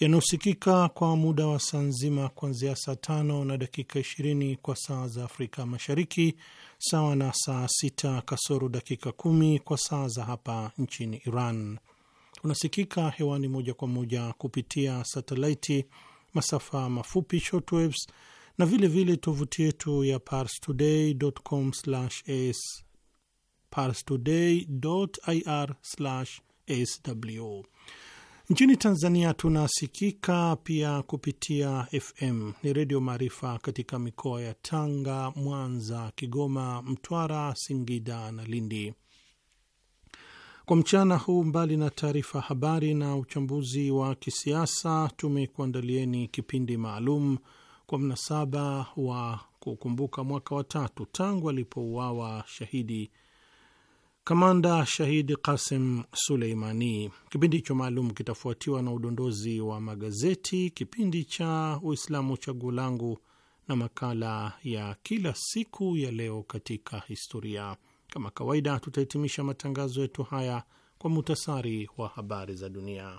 yanayosikika kwa muda wa saa nzima kuanzia saa tano na dakika 20 kwa saa za Afrika Mashariki, sawa na saa sita kasoro dakika kumi kwa saa za hapa nchini Iran. unasikika hewani moja kwa moja kupitia satelaiti, masafa mafupi shortwaves na vilevile tovuti yetu ya parstoday.com sw sw Nchini Tanzania tunasikika pia kupitia FM ni Redio Maarifa katika mikoa ya Tanga, Mwanza, Kigoma, Mtwara, Singida na Lindi. Kwa mchana huu, mbali na taarifa habari na uchambuzi wa kisiasa, tumekuandalieni kipindi maalum kwa mnasaba wa kukumbuka mwaka wa tatu tangu alipouawa shahidi Kamanda Shahidi kasim Suleimani. Kipindi hicho maalum kitafuatiwa na udondozi wa magazeti, kipindi cha Uislamu chaguo langu na makala ya kila siku ya leo katika historia. Kama kawaida, tutahitimisha matangazo yetu haya kwa muhtasari wa habari za dunia.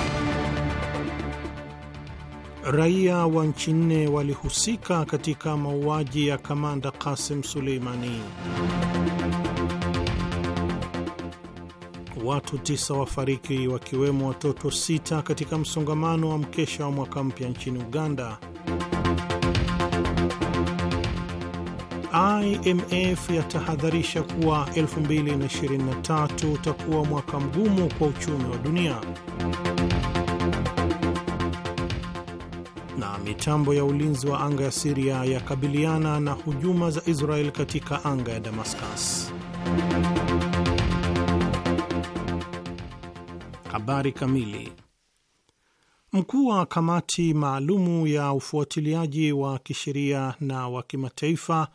raia wa nchi nne walihusika katika mauaji ya kamanda kasim Suleimani. Watu tisa wafariki wakiwemo watoto sita katika msongamano wa mkesha wa mwaka mpya nchini Uganda. IMF yatahadharisha kuwa 2023 utakuwa mwaka mgumu kwa uchumi wa dunia. mitambo ya ulinzi wa anga ya Siria yakabiliana na hujuma za Israel katika anga ya Damascus. Habari kamili. Mkuu wa kamati maalumu ya ufuatiliaji wa kisheria na wa kimataifa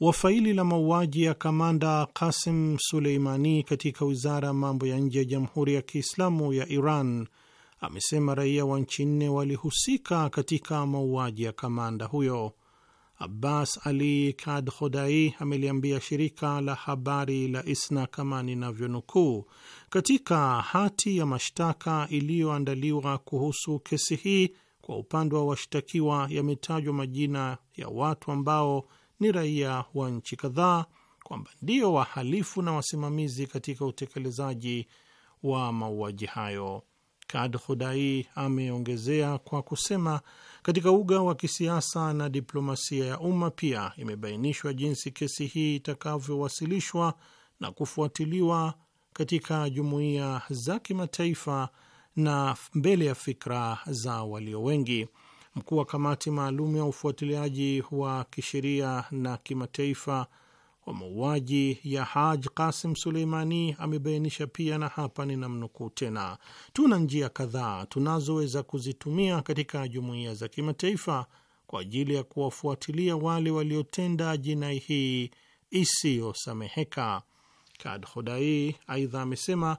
wa faili la mauaji ya kamanda kasim Suleimani katika wizara ya mambo ya nje ya Jamhuri ya Kiislamu ya Iran amesema raia wa nchi nne walihusika katika mauaji ya kamanda huyo. Abbas Ali Kad Khodai ameliambia shirika la habari la ISNA kama ninavyonukuu, katika hati ya mashtaka iliyoandaliwa kuhusu kesi hii, kwa upande wa washtakiwa yametajwa majina ya watu ambao ni raia wa nchi kadhaa kwamba ndio wahalifu na wasimamizi katika utekelezaji wa mauaji hayo. Kad Khudai ameongezea kwa kusema katika uga wa kisiasa na diplomasia ya umma pia imebainishwa jinsi kesi hii itakavyowasilishwa na kufuatiliwa katika jumuiya za kimataifa na mbele ya fikra za walio wengi. Mkuu wa kamati maalum ya ufuatiliaji wa kisheria na kimataifa wa mauaji ya Haj Qasim Suleimani amebainisha pia, na hapa ni namnukuu tena, tuna njia kadhaa tunazoweza kuzitumia katika jumuiya za kimataifa kwa ajili ya kuwafuatilia wale waliotenda jinai hii isiyosameheka. Kad Hodai aidha amesema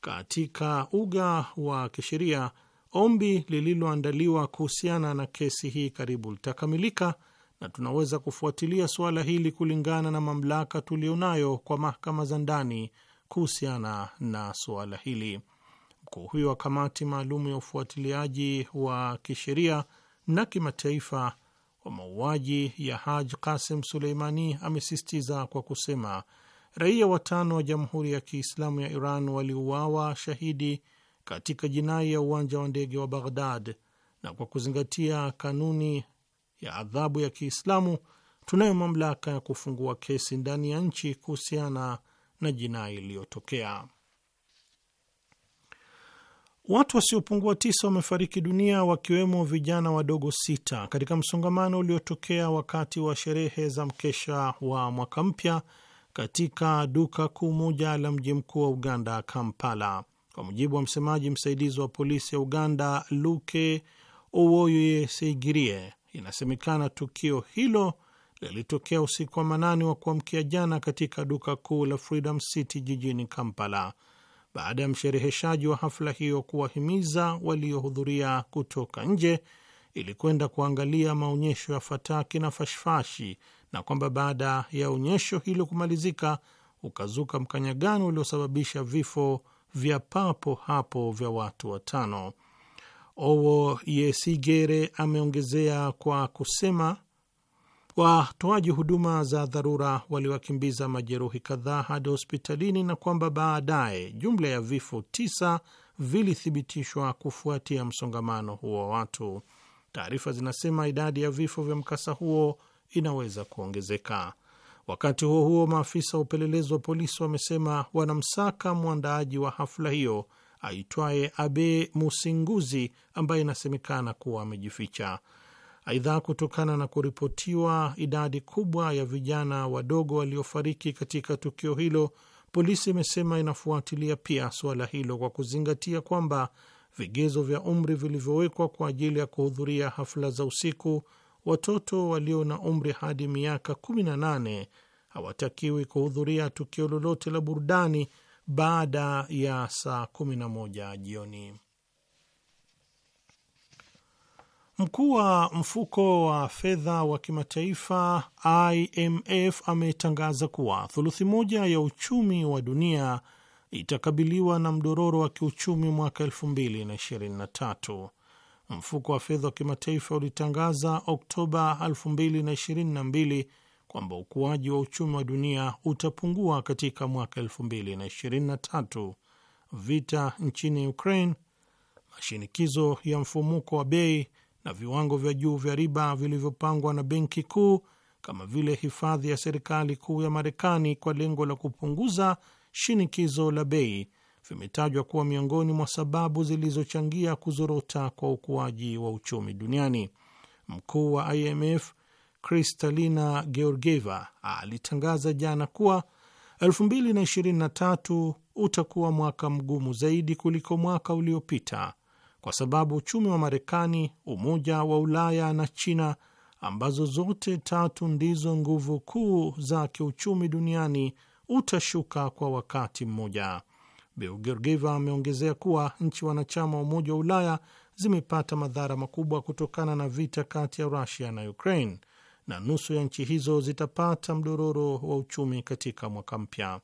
katika uga wa kisheria ombi lililoandaliwa kuhusiana na kesi hii karibu litakamilika na tunaweza kufuatilia suala hili kulingana na mamlaka tuliyonayo kwa mahakama za ndani kuhusiana na suala hili. Mkuu huyo wa kamati maalum ya ufuatiliaji wa kisheria na kimataifa wa mauaji ya Haj Kasim Suleimani amesisitiza kwa kusema raia watano wa Jamhuri ya Kiislamu ya Iran waliuawa shahidi katika jinai ya uwanja wa ndege wa Baghdad, na kwa kuzingatia kanuni ya adhabu ya Kiislamu tunayo mamlaka ya kufungua kesi ndani ya nchi kuhusiana na jinai iliyotokea. Watu wasiopungua tisa wamefariki dunia wakiwemo vijana wadogo sita katika msongamano uliotokea wakati wa sherehe za mkesha wa mwaka mpya katika duka kuu moja la mji mkuu wa Uganda, Kampala, kwa mujibu wa msemaji msaidizi wa polisi ya Uganda, Luke Owoye Seigirie. Inasemekana tukio hilo lilitokea usiku wa manane wa kuamkia jana katika duka kuu la Freedom City jijini Kampala, baada ya mshereheshaji wa hafla hiyo kuwahimiza waliohudhuria kutoka nje ili kwenda kuangalia maonyesho ya fataki na fashfashi, na kwamba baada ya onyesho hilo kumalizika ukazuka mkanyagano uliosababisha vifo vya papo hapo vya watu watano. Owo Yesigere ameongezea kwa kusema watoaji huduma za dharura waliwakimbiza majeruhi kadhaa hadi hospitalini na kwamba baadaye jumla ya vifo tisa vilithibitishwa kufuatia msongamano huo wa watu. Taarifa zinasema idadi ya vifo vya mkasa huo inaweza kuongezeka. Wakati huo huo, maafisa wa upelelezi wa polisi wamesema wanamsaka mwandaaji wa hafla hiyo aitwaye Abe Musinguzi ambaye inasemekana kuwa amejificha. Aidha, kutokana na kuripotiwa idadi kubwa ya vijana wadogo waliofariki katika tukio hilo, polisi imesema inafuatilia pia suala hilo kwa kuzingatia kwamba vigezo vya umri vilivyowekwa kwa ajili ya kuhudhuria hafla za usiku, watoto walio na umri hadi miaka 18 hawatakiwi kuhudhuria tukio lolote la burudani baada ya saa na moja jioni. Mkuu wa mfuko wa fedha wa kimataifa IMF ametangaza kuwa thuluthi moja ya uchumi wa dunia itakabiliwa na mdororo wa kiuchumi mwaka na tatu. Mfuko wa fedha wa kimataifa ulitangaza Oktoba na na mbili kwamba ukuaji wa uchumi wa dunia utapungua katika mwaka tatu. vita nchini Ukraine, mashinikizo ya mfumuko wa bei na viwango vya juu vya riba vilivyopangwa na benki kuu kama vile hifadhi ya serikali kuu ya Marekani kwa lengo la kupunguza shinikizo la bei vimetajwa kuwa miongoni mwa sababu zilizochangia kuzorota kwa ukuaji wa uchumi duniani. Mkuu wa IMF Kristalina Georgieva alitangaza jana kuwa 2023 utakuwa mwaka mgumu zaidi kuliko mwaka uliopita kwa sababu uchumi wa Marekani, Umoja wa Ulaya na China ambazo zote tatu ndizo nguvu kuu za kiuchumi duniani utashuka kwa wakati mmoja. Bill Georgieva ameongezea kuwa nchi wanachama wa Umoja wa Ulaya zimepata madhara makubwa kutokana na vita kati ya Rusia na Ukraine na nusu ya nchi hizo zitapata mdororo wa uchumi katika mwaka mpya.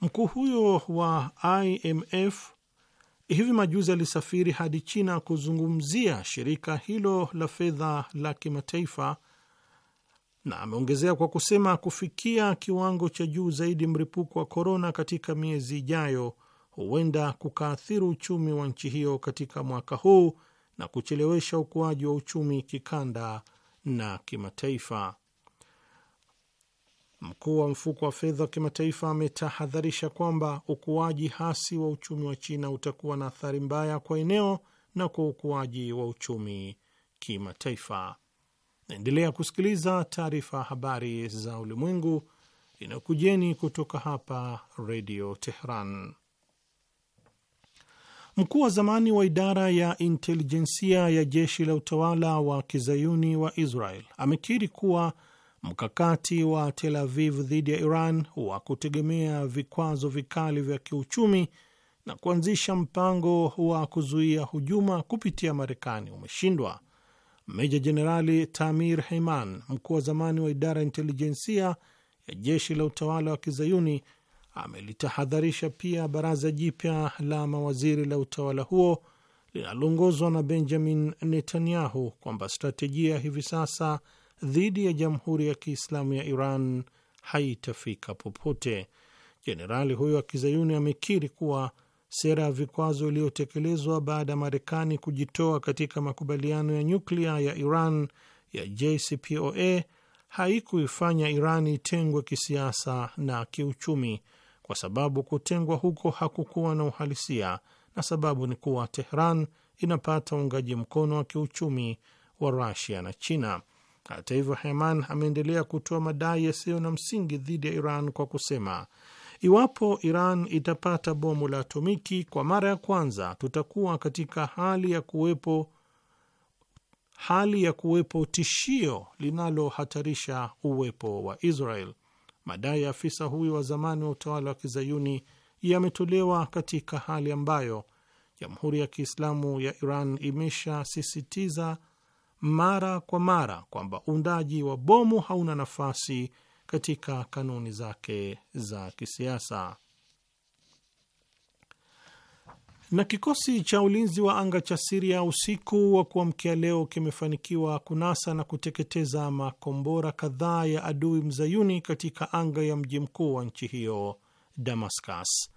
Mkuu huyo wa IMF hivi majuzi alisafiri hadi China kuzungumzia shirika hilo la fedha la kimataifa, na ameongezea kwa kusema kufikia kiwango cha juu zaidi mlipuko wa korona katika miezi ijayo huenda kukaathiri uchumi wa nchi hiyo katika mwaka huu na kuchelewesha ukuaji wa uchumi kikanda na kimataifa. Mkuu wa mfuko wa fedha wa kimataifa ametahadharisha kwamba ukuaji hasi wa uchumi wa China utakuwa na athari mbaya kwa eneo na kwa ukuaji wa uchumi kimataifa. Naendelea kusikiliza taarifa ya habari za ulimwengu inayokujeni kutoka hapa Redio Teheran. Mkuu wa zamani wa idara ya intelijensia ya jeshi la utawala wa kizayuni wa Israel amekiri kuwa mkakati wa Tel Aviv dhidi ya Iran wa kutegemea vikwazo vikali vya kiuchumi na kuanzisha mpango wa kuzuia hujuma kupitia Marekani umeshindwa. Meja Jenerali Tamir Heiman, mkuu wa zamani wa idara ya intelijensia ya jeshi la utawala wa kizayuni amelitahadharisha pia baraza jipya la mawaziri la utawala huo linaloongozwa na Benjamin Netanyahu kwamba stratejia hivi sasa dhidi ya Jamhuri ya Kiislamu ya Iran haitafika popote. Jenerali huyo wa kizayuni amekiri kuwa sera ya vikwazo iliyotekelezwa baada ya Marekani kujitoa katika makubaliano ya nyuklia ya Iran ya JCPOA haikuifanya Iran itengwe kisiasa na kiuchumi kwa sababu kutengwa huko hakukuwa na uhalisia, na sababu ni kuwa Tehran inapata uungaji mkono wa kiuchumi wa Rusia na China. Hata hivyo, Heman ameendelea kutoa madai yasiyo na msingi dhidi ya Iran kwa kusema, iwapo Iran itapata bomu la atomiki kwa mara ya kwanza, tutakuwa katika hali ya kuwepo hali ya kuwepo tishio linalohatarisha uwepo wa Israel. Madai ya afisa huyo wa zamani wa utawala wa kizayuni yametolewa katika hali ambayo Jamhuri ya Kiislamu ya Iran imeshasisitiza mara kwa mara kwamba uundaji wa bomu hauna nafasi katika kanuni zake za kisiasa. Na kikosi cha ulinzi wa anga cha Siria usiku wa kuamkia leo kimefanikiwa kunasa na kuteketeza makombora kadhaa ya adui mzayuni katika anga ya mji mkuu wa nchi hiyo Damascus.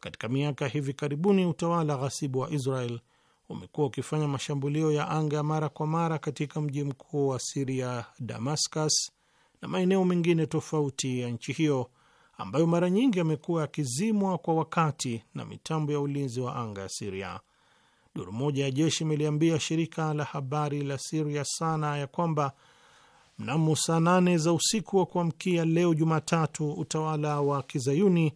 Katika miaka hivi karibuni, utawala ghasibu wa Israel umekuwa ukifanya mashambulio ya anga ya mara kwa mara katika mji mkuu wa Siria Damascus na maeneo mengine tofauti ya nchi hiyo ambayo mara nyingi yamekuwa yakizimwa kwa wakati na mitambo ya ulinzi wa anga ya Siria. Duru moja ya jeshi imeliambia shirika la habari la Siria SANA ya kwamba mnamo saa nane za usiku wa kuamkia leo Jumatatu, utawala wa kizayuni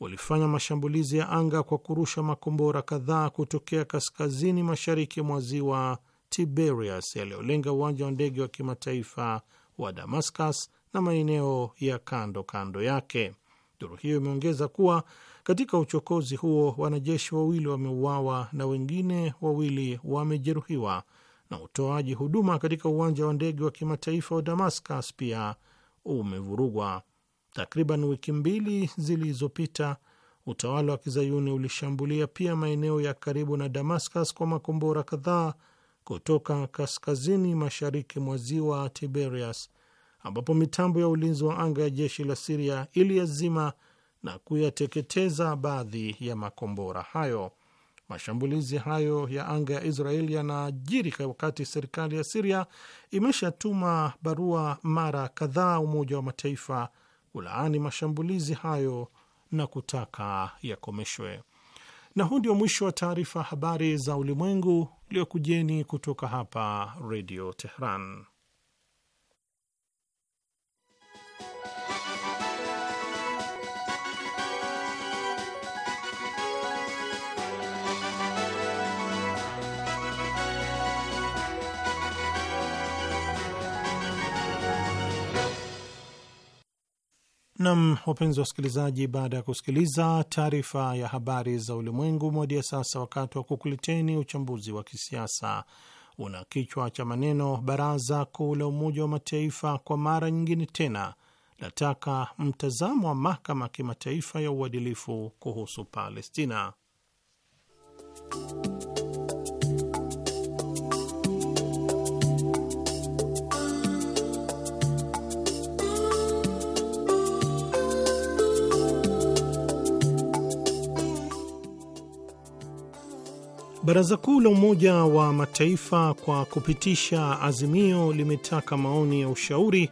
ulifanya mashambulizi ya anga kwa kurusha makombora kadhaa kutokea kaskazini mashariki mwa ziwa Tiberias yaliyolenga uwanja wa ndege wa kimataifa wa Damascus na maeneo ya kando kando yake. Duru hiyo imeongeza kuwa katika uchokozi huo wanajeshi wawili wameuawa na wengine wawili wamejeruhiwa, na utoaji huduma katika uwanja wa ndege wa kimataifa wa Damascus pia umevurugwa. Takriban wiki mbili zilizopita utawala wa kizayuni ulishambulia pia maeneo ya karibu na Damascus kwa makombora kadhaa kutoka kaskazini mashariki mwa ziwa Tiberias ambapo mitambo ya ulinzi wa anga ya jeshi la Siria iliyazima na kuyateketeza baadhi ya makombora hayo. Mashambulizi hayo ya anga ya Israel yanajiri wakati serikali ya Siria imeshatuma barua mara kadhaa Umoja wa Mataifa kulaani mashambulizi hayo na kutaka yakomeshwe. Na huu ndio mwisho wa taarifa habari za ulimwengu iliyokujeni kutoka hapa Redio Tehran. Nam, wapenzi wa wasikilizaji, baada ya kusikiliza taarifa ya habari za ulimwengu ya sasa wakati wa kukuleteni uchambuzi wa kisiasa una kichwa cha maneno: Baraza Kuu la Umoja wa Mataifa kwa mara nyingine tena lataka mtazamo wa Mahakama ya Kimataifa ya Uadilifu kuhusu Palestina. Baraza Kuu la Umoja wa Mataifa kwa kupitisha azimio limetaka maoni ya ushauri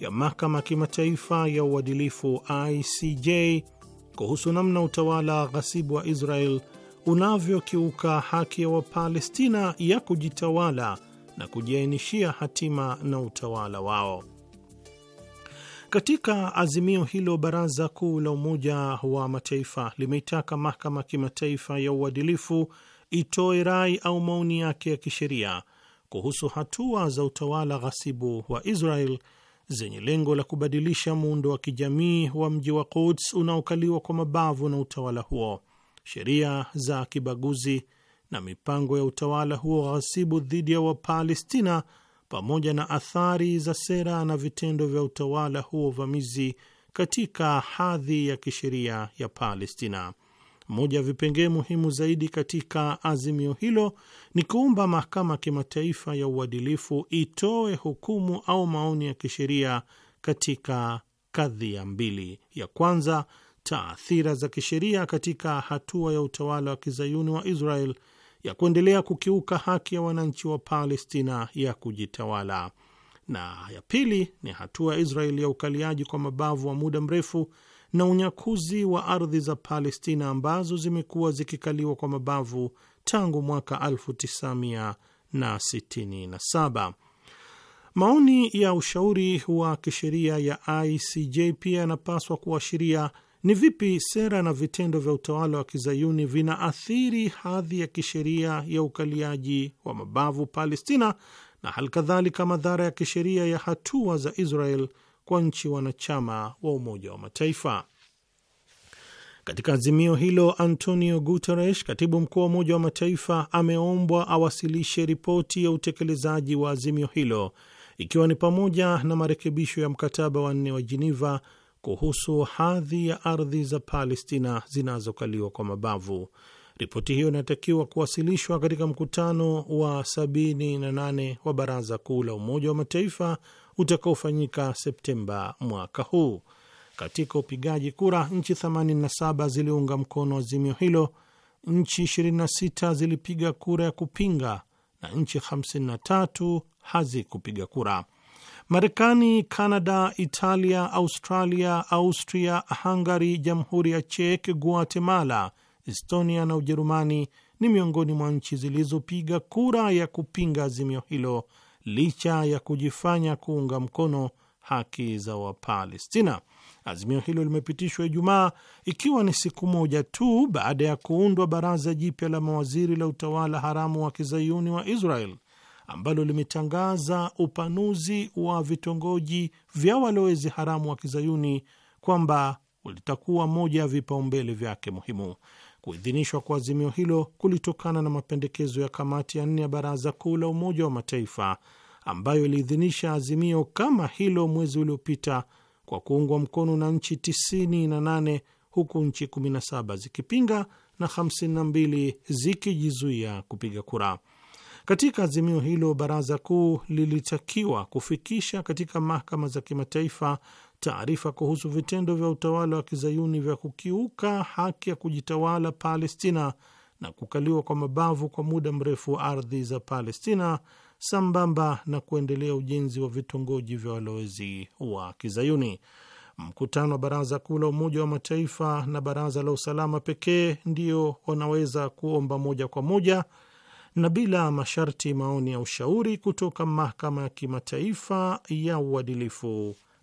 ya Mahakama ya Kimataifa ya Uadilifu ICJ kuhusu namna utawala ghasibu wa Israel unavyokiuka haki ya Wapalestina ya kujitawala na kujiainishia hatima na utawala wao. Katika azimio hilo, Baraza Kuu la Umoja wa Mataifa limeitaka Mahakama ya Kimataifa ya Uadilifu itoe rai au maoni yake ya kisheria kuhusu hatua za utawala ghasibu wa Israel zenye lengo la kubadilisha muundo wa kijamii wa mji wa Quds unaokaliwa kwa mabavu na utawala huo, sheria za kibaguzi na mipango ya utawala huo ghasibu dhidi ya Wapalestina, pamoja na athari za sera na vitendo vya utawala huo vamizi katika hadhi ya kisheria ya Palestina. Moja ya vipengee muhimu zaidi katika azimio hilo ni kuumba mahakama kimataifa ya uadilifu itoe hukumu au maoni ya kisheria katika kadhia mbili. Ya kwanza, taathira za kisheria katika hatua ya utawala wa kizayuni wa Israel ya kuendelea kukiuka haki ya wananchi wa Palestina ya kujitawala, na ya pili ni hatua ya Israel ya ukaliaji kwa mabavu wa muda mrefu na unyakuzi wa ardhi za Palestina ambazo zimekuwa zikikaliwa kwa mabavu tangu mwaka 1967. Maoni ya ushauri wa kisheria ya ICJ pia yanapaswa kuashiria ni vipi sera na vitendo vya utawala wa kizayuni vinaathiri hadhi ya kisheria ya ukaliaji wa mabavu Palestina na halikadhalika madhara ya kisheria ya hatua za Israel kwa nchi wanachama wa Umoja wa Mataifa. Katika azimio hilo, Antonio Guterres, katibu mkuu wa Umoja wa Mataifa, ameombwa awasilishe ripoti ya utekelezaji wa azimio hilo, ikiwa ni pamoja na marekebisho ya mkataba wa nne wa jiniva kuhusu hadhi ya ardhi za Palestina zinazokaliwa kwa mabavu. Ripoti hiyo inatakiwa kuwasilishwa katika mkutano wa 78 wa Baraza Kuu la Umoja wa Mataifa utakaofanyika Septemba mwaka huu. Katika upigaji kura, nchi 87 ziliunga mkono azimio hilo, nchi 26 zilipiga kura ya kupinga na nchi 53 hazikupiga kura. Marekani, Kanada, Italia, Australia, Austria, Hungary, Jamhuri ya chek Guatemala, Estonia na Ujerumani ni miongoni mwa nchi zilizopiga kura ya kupinga azimio hilo licha ya kujifanya kuunga mkono haki za Wapalestina. Azimio hilo limepitishwa Ijumaa ikiwa ni siku moja tu baada ya kuundwa baraza jipya la mawaziri la utawala haramu wa kizayuni wa Israel ambalo limetangaza upanuzi wa vitongoji vya walowezi haramu wa kizayuni kwamba litakuwa moja ya vipaumbele vyake muhimu. Kuidhinishwa kwa azimio hilo kulitokana na mapendekezo ya kamati ya nne ya Baraza Kuu la Umoja wa Mataifa ambayo iliidhinisha azimio kama hilo mwezi uliopita kwa kuungwa mkono na nchi 98 huku nchi 17 zikipinga na 52 zikijizuia kupiga kura. Katika azimio hilo, baraza kuu lilitakiwa kufikisha katika mahakama za kimataifa taarifa kuhusu vitendo vya utawala wa kizayuni vya kukiuka haki ya kujitawala Palestina na kukaliwa kwa mabavu kwa muda mrefu wa ardhi za Palestina sambamba na kuendelea ujenzi wa vitongoji vya walowezi wa kizayuni. Mkutano wa Baraza Kuu la Umoja wa Mataifa na Baraza la Usalama pekee ndio wanaweza kuomba moja kwa moja na bila masharti maoni ya ushauri kutoka Mahakama ya Kimataifa ya Uadilifu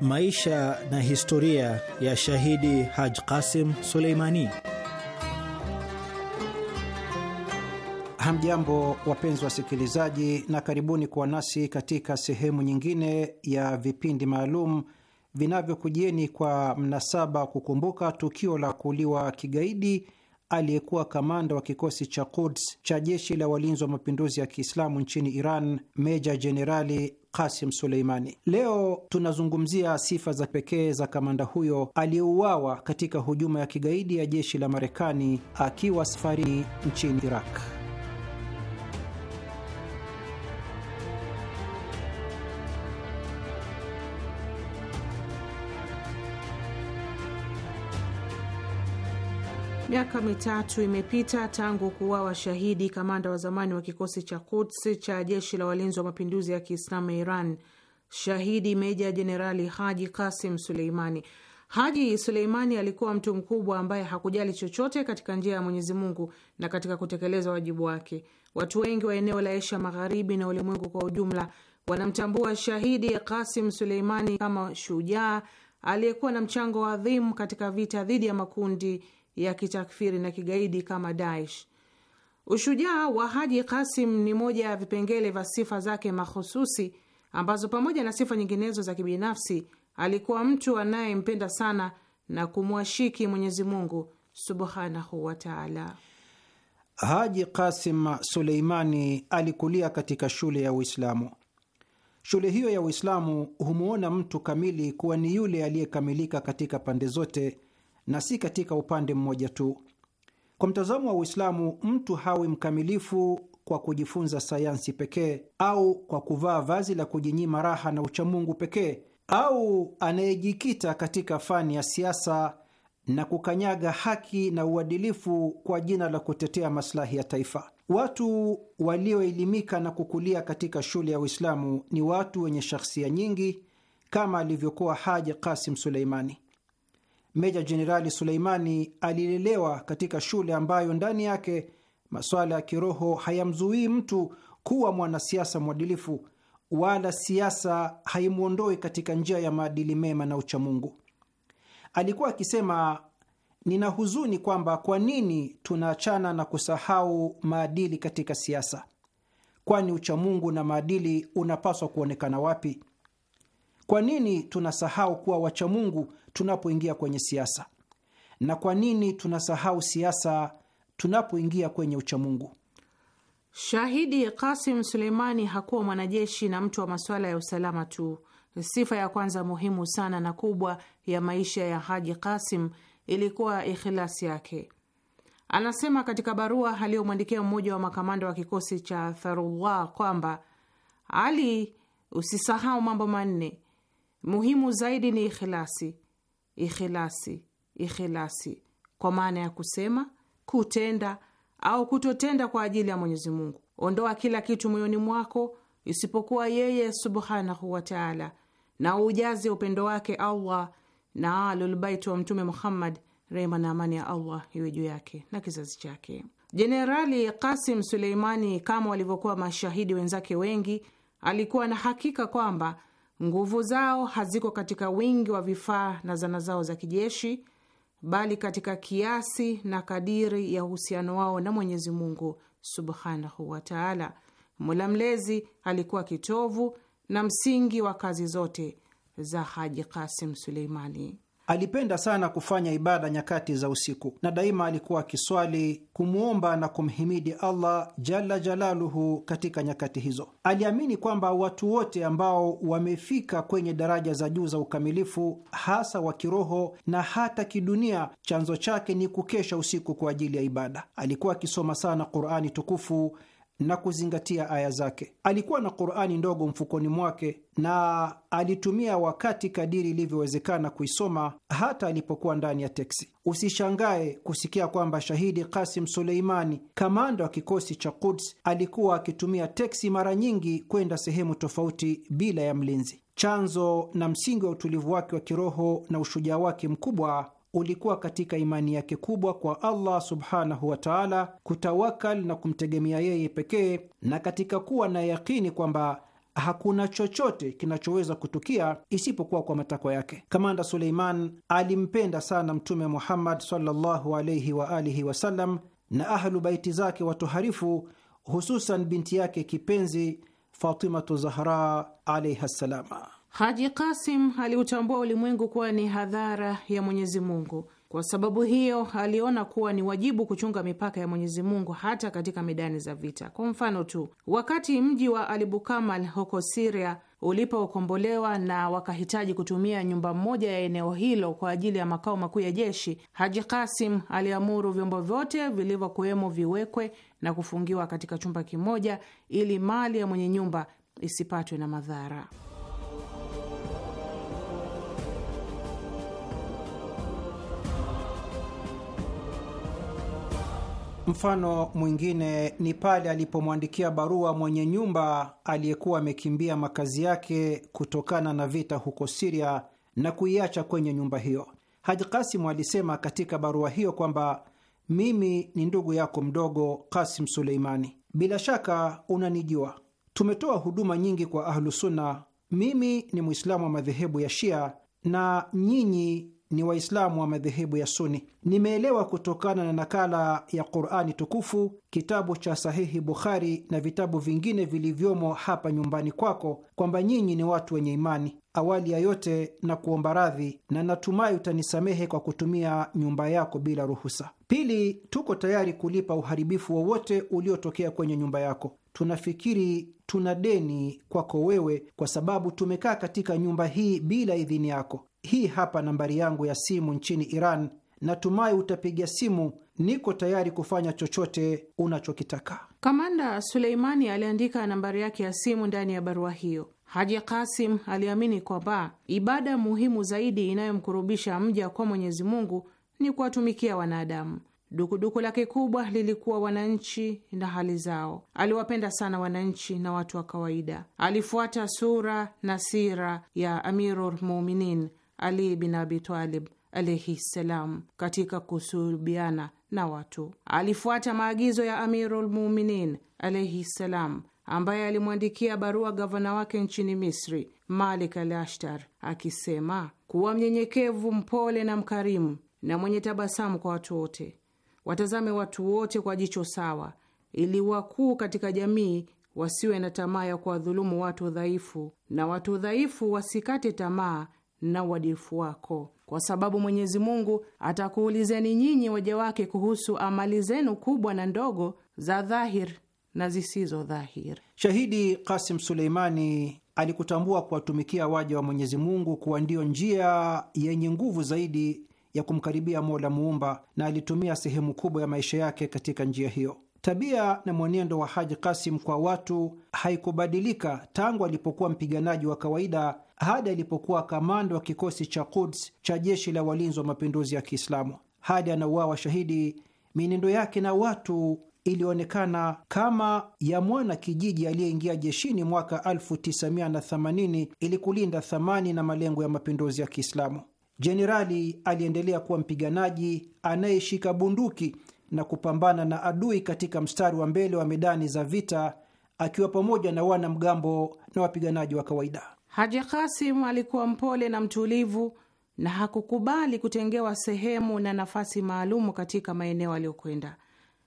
maisha na historia ya shahidi Haj Qasim Suleimani. Hamjambo, wapenzi wasikilizaji, na karibuni kuwa nasi katika sehemu nyingine ya vipindi maalum vinavyokujieni kwa mnasaba kukumbuka tukio la kuuliwa kigaidi aliyekuwa kamanda wa kikosi cha Quds cha jeshi la walinzi wa mapinduzi ya Kiislamu nchini Iran, meja jenerali Kasim Suleimani. Leo tunazungumzia sifa za pekee za kamanda huyo aliyeuawa katika hujuma ya kigaidi ya jeshi la Marekani akiwa safarini nchini Iraq. Miaka mitatu imepita tangu kuuawa shahidi kamanda wa zamani wa kikosi cha Quds cha jeshi la walinzi wa mapinduzi ya Kiislamu ya Iran, shahidi meja jenerali Haji Kasim Suleimani. Haji Suleimani alikuwa mtu mkubwa ambaye hakujali chochote katika njia ya Mwenyezi Mungu na katika kutekeleza wajibu wake. Watu wengi wa eneo la Asia Magharibi na ulimwengu kwa ujumla wanamtambua shahidi Kasim Suleimani kama shujaa aliyekuwa na mchango adhimu katika vita dhidi ya makundi ya kitakfiri na kigaidi kama Daesh. Ushujaa wa Haji Kasim ni moja ya vipengele vya sifa zake mahususi ambazo pamoja na sifa nyinginezo za kibinafsi alikuwa mtu anayempenda sana na kumwashiki Mwenyezi Mungu subhanahu wa taala. Haji Kasim Suleimani alikulia katika shule ya Uislamu. Shule hiyo ya Uislamu humwona mtu kamili kuwa ni yule aliyekamilika katika pande zote na si katika upande mmoja tu. Kwa mtazamo wa Uislamu, mtu hawi mkamilifu kwa kujifunza sayansi pekee au kwa kuvaa vazi la kujinyima raha na uchamungu pekee au anayejikita katika fani ya siasa na kukanyaga haki na uadilifu kwa jina la kutetea maslahi ya taifa. Watu walioelimika na kukulia katika shule ya Uislamu ni watu wenye shakhsia nyingi, kama alivyokuwa Haji Kasim Suleimani. Meja Jenerali Suleimani alilelewa katika shule ambayo ndani yake masuala ya kiroho hayamzuii mtu kuwa mwanasiasa mwadilifu, wala siasa haimwondoi katika njia ya maadili mema na uchamungu. Alikuwa akisema, nina huzuni kwamba kwa nini tunaachana na kusahau maadili katika siasa, kwani uchamungu na maadili unapaswa kuonekana wapi? Kwa nini tunasahau kuwa wachamungu tunapoingia kwenye siasa, na kwa nini tunasahau siasa tunapoingia kwenye uchamungu? Shahidi Kasim Suleimani hakuwa mwanajeshi na mtu wa masuala ya usalama tu. Sifa ya kwanza muhimu sana na kubwa ya maisha ya Haji Kasim ilikuwa ikhilasi yake. Anasema katika barua aliyomwandikia mmoja wa makamanda wa kikosi cha Tharullah kwamba Ali, usisahau mambo manne: Muhimu zaidi ni ikhilasi, ikhilasi, ikhilasi, kwa maana ya kusema, kutenda au kutotenda kwa ajili ya Mwenyezi Mungu. Ondoa kila kitu moyoni mwako isipokuwa yeye subhanahu wataala na ujaze upendo wake Allah na alulbaiti wa Mtume Muhammad, rehma na amani ya Allah iwe juu yake na kizazi chake. Jenerali Kasim Suleimani, kama walivyokuwa mashahidi wenzake wengi, alikuwa na hakika kwamba Nguvu zao haziko katika wingi wa vifaa na zana zao za kijeshi, bali katika kiasi na kadiri ya uhusiano wao na Mwenyezi Mungu subhanahu wataala taala. Mola Mlezi alikuwa kitovu na msingi wa kazi zote za Haji Kasim Suleimani. Alipenda sana kufanya ibada nyakati za usiku, na daima alikuwa akiswali, kumwomba na kumhimidi Allah jala jalaluhu katika nyakati hizo. Aliamini kwamba watu wote ambao wamefika kwenye daraja za juu za ukamilifu, hasa wa kiroho na hata kidunia, chanzo chake ni kukesha usiku kwa ajili ya ibada. Alikuwa akisoma sana Qurani tukufu na kuzingatia aya zake. Alikuwa na Qurani ndogo mfukoni mwake na alitumia wakati kadiri ilivyowezekana kuisoma hata alipokuwa ndani ya teksi. Usishangae kusikia kwamba shahidi Kasim Suleimani, kamanda wa kikosi cha Quds, alikuwa akitumia teksi mara nyingi kwenda sehemu tofauti bila ya mlinzi. Chanzo na msingi wa utulivu wake wa kiroho na ushujaa wake mkubwa ulikuwa katika imani yake kubwa kwa Allah subhanahu wa taala, kutawakal na kumtegemea yeye pekee, na katika kuwa na yakini kwamba hakuna chochote kinachoweza kutukia isipokuwa kwa matakwa yake. Kamanda Suleiman alimpenda sana Mtume Muhammad sallallahu alaihi wa alihi wasallam na Ahlu Baiti zake watoharifu, hususan binti yake kipenzi Fatimatu Zahra alaihi ssalama. Haji Kasim aliutambua ulimwengu kuwa ni hadhara ya Mwenyezi Mungu. Kwa sababu hiyo, aliona kuwa ni wajibu kuchunga mipaka ya Mwenyezi Mungu hata katika medani za vita. Kwa mfano tu, wakati mji wa Alibukamal huko Siria ulipokombolewa na wakahitaji kutumia nyumba moja ya eneo hilo kwa ajili ya makao makuu ya jeshi, Haji Kasim aliamuru vyombo vyote vilivyokuwemo viwekwe na kufungiwa katika chumba kimoja, ili mali ya mwenye nyumba isipatwe na madhara. Mfano mwingine ni pale alipomwandikia barua mwenye nyumba aliyekuwa amekimbia makazi yake kutokana na vita huko Siria na kuiacha kwenye nyumba hiyo. Haji Kasimu alisema katika barua hiyo kwamba mimi ni ndugu yako mdogo Kasim Suleimani, bila shaka unanijua. Tumetoa huduma nyingi kwa Ahlusunna. Mimi ni Mwislamu wa madhehebu ya Shia na nyinyi ni Waislamu wa madhehebu ya Suni. Nimeelewa kutokana na nakala ya Qurani Tukufu, kitabu cha Sahihi Bukhari na vitabu vingine vilivyomo hapa nyumbani kwako kwamba nyinyi ni watu wenye imani. Awali ya yote na kuomba radhi, na natumai utanisamehe kwa kutumia nyumba yako bila ruhusa. Pili, tuko tayari kulipa uharibifu wowote uliotokea kwenye nyumba yako. Tunafikiri tuna deni kwako wewe, kwa sababu tumekaa katika nyumba hii bila idhini yako. Hii hapa nambari yangu ya simu nchini Iran. Natumai utapiga simu. Niko tayari kufanya chochote unachokitaka. Kamanda Suleimani aliandika nambari yake ya simu ndani ya barua hiyo. Haji Kasim aliamini kwamba ibada muhimu zaidi inayomkurubisha mja kwa Mwenyezi Mungu ni kuwatumikia wanadamu. Dukuduku lake kubwa lilikuwa wananchi na hali zao. Aliwapenda sana wananchi na watu wa kawaida. Alifuata sura na sira ya Amirul Muminin ali bin Abi Talib alaihi ssalam katika kusuhubiana na watu. Alifuata maagizo ya Amirul Muminin alaihi ssalam, ambaye alimwandikia barua gavana wake nchini Misri, Malik al Ashtar, akisema kuwa mnyenyekevu, mpole na mkarimu na mwenye tabasamu kwa watu wote. Watazame watu wote kwa jicho sawa, ili wakuu katika jamii wasiwe na tamaa ya kuwadhulumu watu dhaifu, na watu dhaifu wasikate tamaa na uadilifu wako, kwa sababu Mwenyezi Mungu atakuulizeni nyinyi waja wake kuhusu amali zenu kubwa na ndogo za dhahir na zisizo dhahir. Shahidi Kasim Suleimani alikutambua kuwatumikia waja wa Mwenyezi Mungu kuwa ndiyo njia yenye nguvu zaidi ya kumkaribia Mola Muumba, na alitumia sehemu kubwa ya maisha yake katika njia hiyo. Tabia na mwenendo wa Haji Kasim kwa watu haikubadilika tangu alipokuwa mpiganaji wa kawaida hadi alipokuwa kamanda wa kikosi cha Quds cha jeshi la walinzi wa mapinduzi ya Kiislamu hadi anauawa shahidi. Mienendo yake na watu ilionekana kama ya mwana kijiji aliyeingia jeshini mwaka 1980 ili kulinda thamani na malengo ya mapinduzi ya Kiislamu. Jenerali aliendelea kuwa mpiganaji anayeshika bunduki na kupambana na adui katika mstari wa mbele wa medani za vita akiwa pamoja na wanamgambo na wapiganaji wa kawaida. Haji Kasim alikuwa mpole na mtulivu na hakukubali kutengewa sehemu na nafasi maalumu katika maeneo aliyokwenda.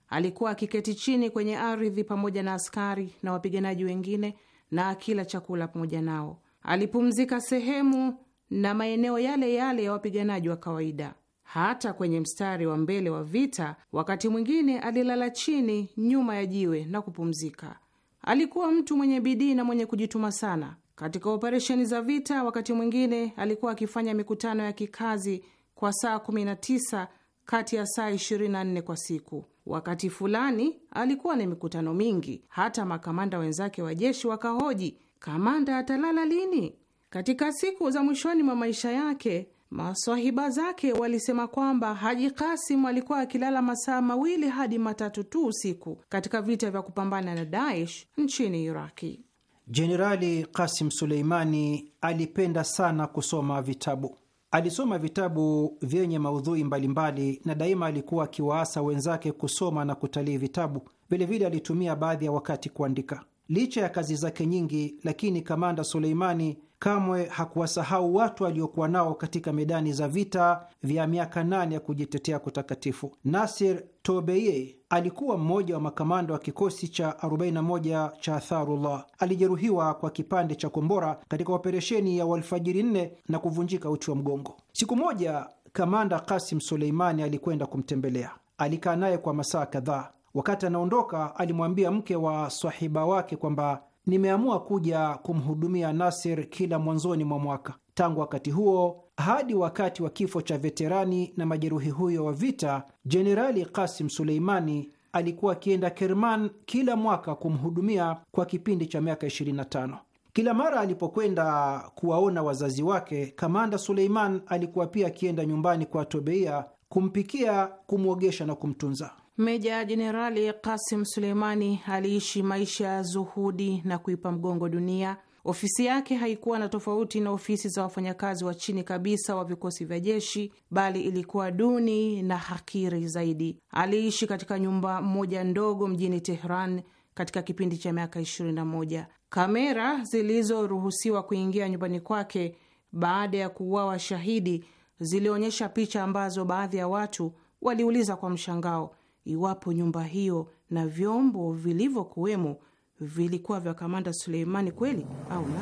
Alikuwa akiketi chini kwenye ardhi pamoja na askari na wapiganaji wengine na akila chakula pamoja nao. Alipumzika sehemu na maeneo yale yale ya wapiganaji wa kawaida hata kwenye mstari wa mbele wa vita. Wakati mwingine alilala chini nyuma ya jiwe na kupumzika. Alikuwa mtu mwenye bidii na mwenye kujituma sana katika operesheni za vita. Wakati mwingine alikuwa akifanya mikutano ya kikazi kwa saa 19 kati ya saa 24 kwa siku. Wakati fulani alikuwa na mikutano mingi, hata makamanda wenzake wa jeshi wakahoji, kamanda atalala lini? Katika siku za mwishoni mwa maisha yake Maswahiba zake walisema kwamba Haji Kasim alikuwa akilala masaa mawili hadi matatu tu usiku katika vita vya kupambana na Daesh nchini Iraki. Jenerali Kasim Suleimani alipenda sana kusoma vitabu. Alisoma vitabu vyenye maudhui mbalimbali na daima alikuwa akiwaasa wenzake kusoma na kutalii vitabu. Vilevile alitumia baadhi ya wakati kuandika. Licha ya kazi zake nyingi, lakini kamanda Suleimani Kamwe hakuwasahau watu aliokuwa nao katika medani za vita vya miaka nane ya kujitetea kutakatifu. Nasir Tobeye alikuwa mmoja wa makamanda wa kikosi cha 41 cha Atharullah. Alijeruhiwa kwa kipande cha kombora katika operesheni ya Walfajiri nne na kuvunjika uti wa mgongo. Siku moja, kamanda Kasim Suleimani alikwenda kumtembelea. Alikaa naye kwa masaa kadhaa. Wakati anaondoka, alimwambia mke wa swahiba wake kwamba nimeamua kuja kumhudumia Nasir kila mwanzoni mwa mwaka. Tangu wakati huo hadi wakati wa kifo cha veterani na majeruhi huyo wa vita, Jenerali Kasim Suleimani alikuwa akienda Kerman kila mwaka kumhudumia kwa kipindi cha miaka 25. Kila mara alipokwenda kuwaona wazazi wake, kamanda Suleiman alikuwa pia akienda nyumbani kwa Tobeia kumpikia, kumwogesha na kumtunza. Meja Jenerali Kasim Suleimani aliishi maisha ya zuhudi na kuipa mgongo dunia. Ofisi yake haikuwa na tofauti na ofisi za wafanyakazi wa chini kabisa wa vikosi vya jeshi, bali ilikuwa duni na hakiri zaidi. Aliishi katika nyumba moja ndogo mjini Tehran katika kipindi cha miaka 21. Kamera zilizoruhusiwa kuingia nyumbani kwake baada ya kuuawa shahidi zilionyesha picha ambazo baadhi ya watu waliuliza kwa mshangao iwapo nyumba hiyo na vyombo vilivyokuwemo vilikuwa vya kamanda Suleimani kweli au la.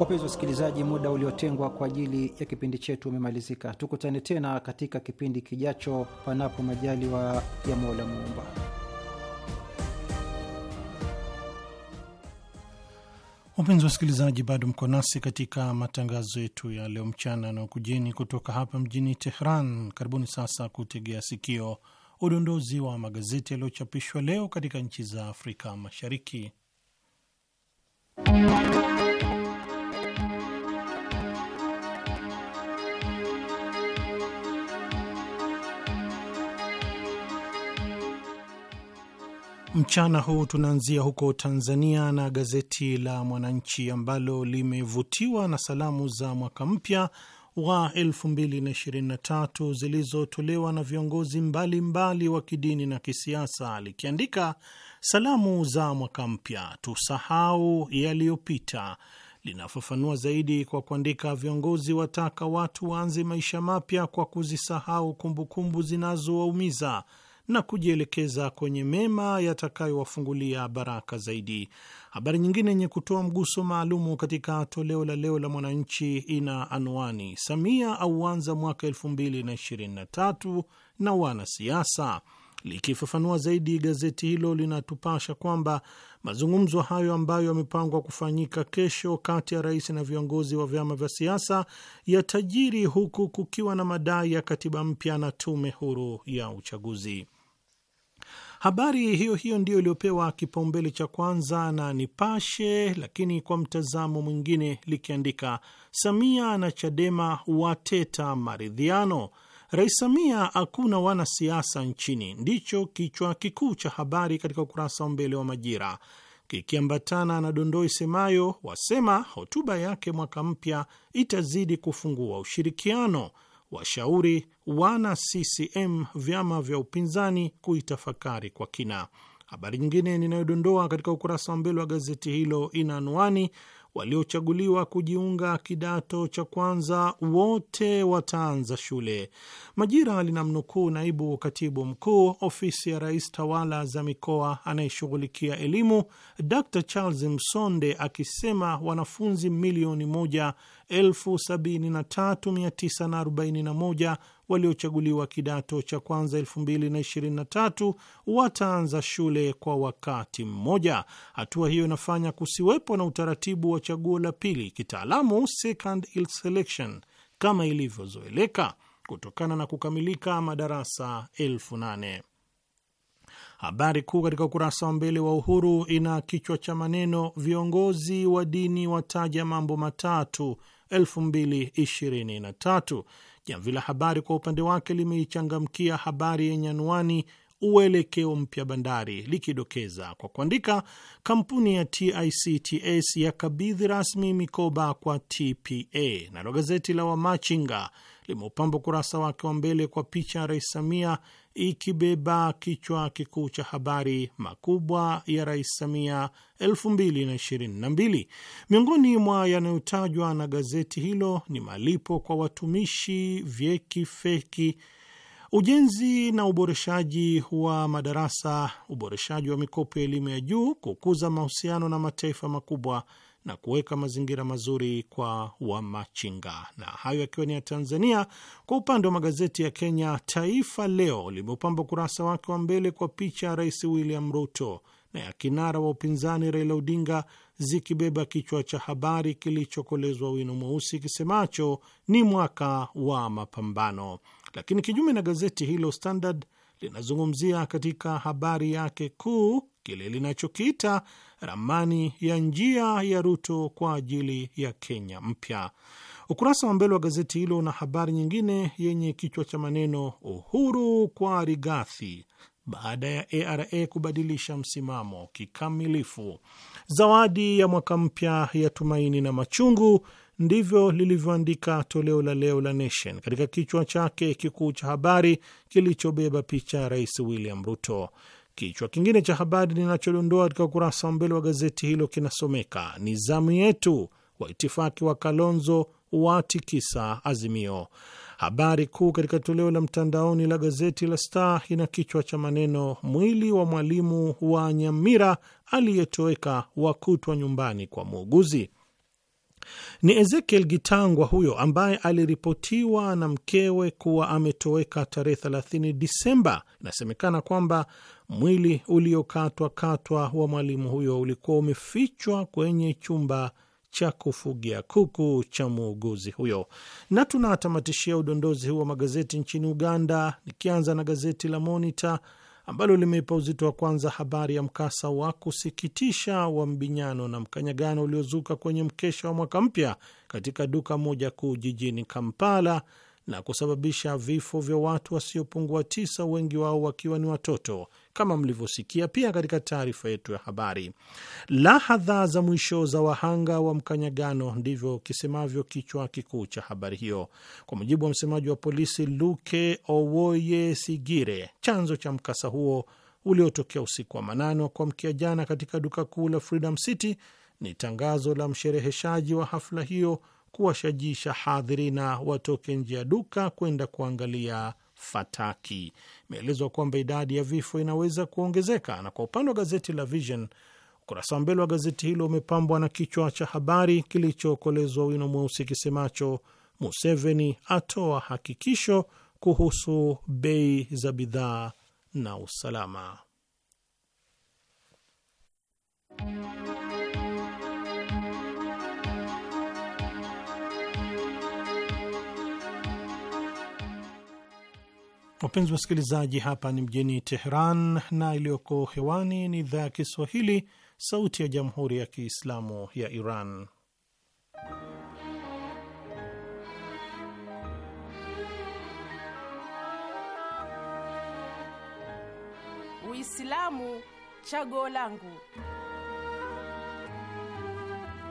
Wapenzi wasikilizaji, muda uliotengwa kwa ajili ya kipindi chetu umemalizika. Tukutane tena katika kipindi kijacho, panapo majaliwa ya Mola Muumba. Wapenzi wasikilizaji, bado mko nasi katika matangazo yetu ya leo mchana na ukujeni kutoka hapa mjini Tehran. Karibuni sasa kutegea sikio udondozi wa magazeti yaliyochapishwa leo katika nchi za Afrika Mashariki. Mchana huu tunaanzia huko Tanzania na gazeti la Mwananchi ambalo limevutiwa na salamu za mwaka mpya wa 2023 zilizotolewa na viongozi mbalimbali mbali wa kidini na kisiasa, likiandika salamu za mwaka mpya, tusahau yaliyopita. Linafafanua zaidi kwa kuandika, viongozi wataka watu waanze maisha mapya kwa kuzisahau kumbukumbu zinazowaumiza na kujielekeza kwenye mema yatakayowafungulia baraka zaidi. Habari nyingine yenye kutoa mguso maalumu katika toleo la leo la Mwananchi ina anwani Samia auanza mwaka 2023 na wanasiasa. Likifafanua zaidi, gazeti hilo linatupasha kwamba mazungumzo hayo ambayo yamepangwa kufanyika kesho kati ya rais na viongozi wa vyama vya siasa yatajiri huku kukiwa na madai ya katiba mpya na tume huru ya uchaguzi. Habari hiyo hiyo ndiyo iliyopewa kipaumbele cha kwanza na Nipashe, lakini kwa mtazamo mwingine likiandika Samia na Chadema wateta maridhiano. Rais Samia hakuna wanasiasa nchini, ndicho kichwa kikuu cha habari katika ukurasa wa mbele wa Majira, kikiambatana na dondoo isemayo wasema hotuba yake mwaka mpya itazidi kufungua ushirikiano washauri wana CCM vyama vya upinzani kuitafakari kwa kina. Habari nyingine ninayodondoa katika ukurasa wa mbele wa gazeti hilo ina anwani waliochaguliwa kujiunga kidato cha kwanza wote wataanza shule. Majira linamnukuu naibu katibu mkuu ofisi ya rais tawala za mikoa anayeshughulikia elimu Dr Charles Msonde akisema wanafunzi milioni moja elfu sabini na tatu mia tisa na arobaini na moja waliochaguliwa kidato cha kwanza 2023 wataanza shule kwa wakati mmoja. Hatua hiyo inafanya kusiwepo na utaratibu wa chaguo la pili, kitaalamu second selection, kama ilivyozoeleka kutokana na kukamilika madarasa elfu nane. Habari kuu katika ukurasa wa mbele wa Uhuru ina kichwa cha maneno viongozi wa dini wataja mambo matatu 2023. Jamvi la Habari kwa upande wake limeichangamkia habari yenye anwani uelekeo mpya bandari, likidokeza kwa kuandika kampuni ya TICTS yakabidhi rasmi mikoba kwa TPA. Nalo gazeti la Wamachinga limeupamba ukurasa wake wa mbele kwa picha ya Rais Samia ikibeba kichwa kikuu cha habari makubwa ya Rais Samia 2022. Miongoni mwa yanayotajwa na gazeti hilo ni malipo kwa watumishi vyeki feki ujenzi na uboreshaji wa madarasa, uboreshaji wa mikopo ya elimu ya juu, kukuza mahusiano na mataifa makubwa na kuweka mazingira mazuri kwa wamachinga. Na hayo yakiwa ni ya Tanzania. Kwa upande wa magazeti ya Kenya, Taifa Leo limeupamba ukurasa wake wa mbele kwa picha ya Rais William Ruto na ya kinara wa upinzani Raila Odinga zikibeba kichwa cha habari kilichokolezwa wino mweusi kisemacho ni mwaka wa mapambano. Lakini kinyume na gazeti hilo, Standard linazungumzia katika habari yake kuu kile linachokiita ramani ya njia ya Ruto kwa ajili ya Kenya mpya. Ukurasa wa mbele wa gazeti hilo na habari nyingine yenye kichwa cha maneno uhuru kwa Rigathi baada ya ARA kubadilisha msimamo kikamilifu. Zawadi ya mwaka mpya ya tumaini na machungu, ndivyo lilivyoandika toleo la leo la Nation katika kichwa chake kikuu cha habari kilichobeba picha ya Rais William Ruto. Kichwa kingine cha habari ninachodondoa katika ukurasa wa mbele wa gazeti hilo kinasomeka ni zamu yetu, waitifaki wa Kalonzo watikisa Azimio. Habari kuu katika toleo la mtandaoni la gazeti la Star ina kichwa cha maneno mwili wa mwalimu wa Nyamira aliyetoweka wakutwa nyumbani kwa muuguzi. Ni Ezekiel Gitangwa huyo ambaye aliripotiwa na mkewe kuwa ametoweka tarehe 30 Disemba. Inasemekana kwamba Mwili uliokatwa katwa wa mwalimu huyo ulikuwa umefichwa kwenye chumba cha kufugia kuku cha muuguzi huyo. Na tunatamatishia udondozi huu wa magazeti nchini Uganda, nikianza na gazeti la Monitor ambalo limeipa uzito wa kwanza habari ya mkasa wa kusikitisha wa mbinyano na mkanyagano uliozuka kwenye mkesha wa mwaka mpya katika duka moja kuu jijini Kampala na kusababisha vifo vya watu wasiopungua tisa, wengi wao wakiwa ni watoto, kama mlivyosikia pia katika taarifa yetu ya habari. Lahadha za mwisho za wahanga wa mkanyagano, ndivyo kisemavyo kichwa kikuu cha habari hiyo. Kwa mujibu wa msemaji wa polisi Luke Owoye Sigire, chanzo cha mkasa huo uliotokea usiku wa manane wa kuamkia jana katika duka kuu la Freedom City ni tangazo la mshereheshaji wa hafla hiyo kuwashajisha hadhirina watoke nje ya duka kwenda kuangalia fataki. Imeelezwa kwamba idadi ya vifo inaweza kuongezeka. Na kwa upande wa gazeti la Vision, ukurasa wa mbele wa gazeti hilo umepambwa na kichwa cha habari kilichookolezwa wino mweusi kisemacho Museveni atoa hakikisho kuhusu bei za bidhaa na usalama. Wapenzi wasikilizaji, hapa ni mjini Teheran na iliyoko hewani ni idhaa ya Kiswahili, Sauti ya Jamhuri ya Kiislamu ya Iran. Uislamu chaguo langu.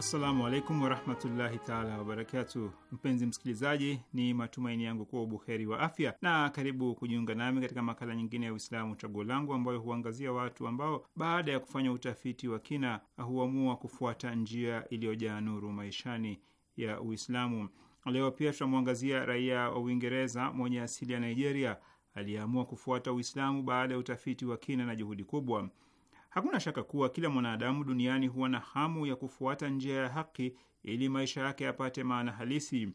Assalamu alaikum warahmatullahi taala wabarakatu. Mpenzi msikilizaji, ni matumaini yangu kuwa ubuheri wa afya na karibu kujiunga nami katika makala nyingine ya Uislamu Chaguo Langu, ambayo huangazia watu ambao baada ya kufanya utafiti wa kina huamua kufuata njia iliyojaa nuru maishani ya Uislamu. Leo pia tunamwangazia raia wa Uingereza mwenye asili ya Nigeria aliyeamua kufuata Uislamu baada ya utafiti wa kina na juhudi kubwa. Hakuna shaka kuwa kila mwanadamu duniani huwa na hamu ya kufuata njia ya haki ili maisha yake yapate maana halisi.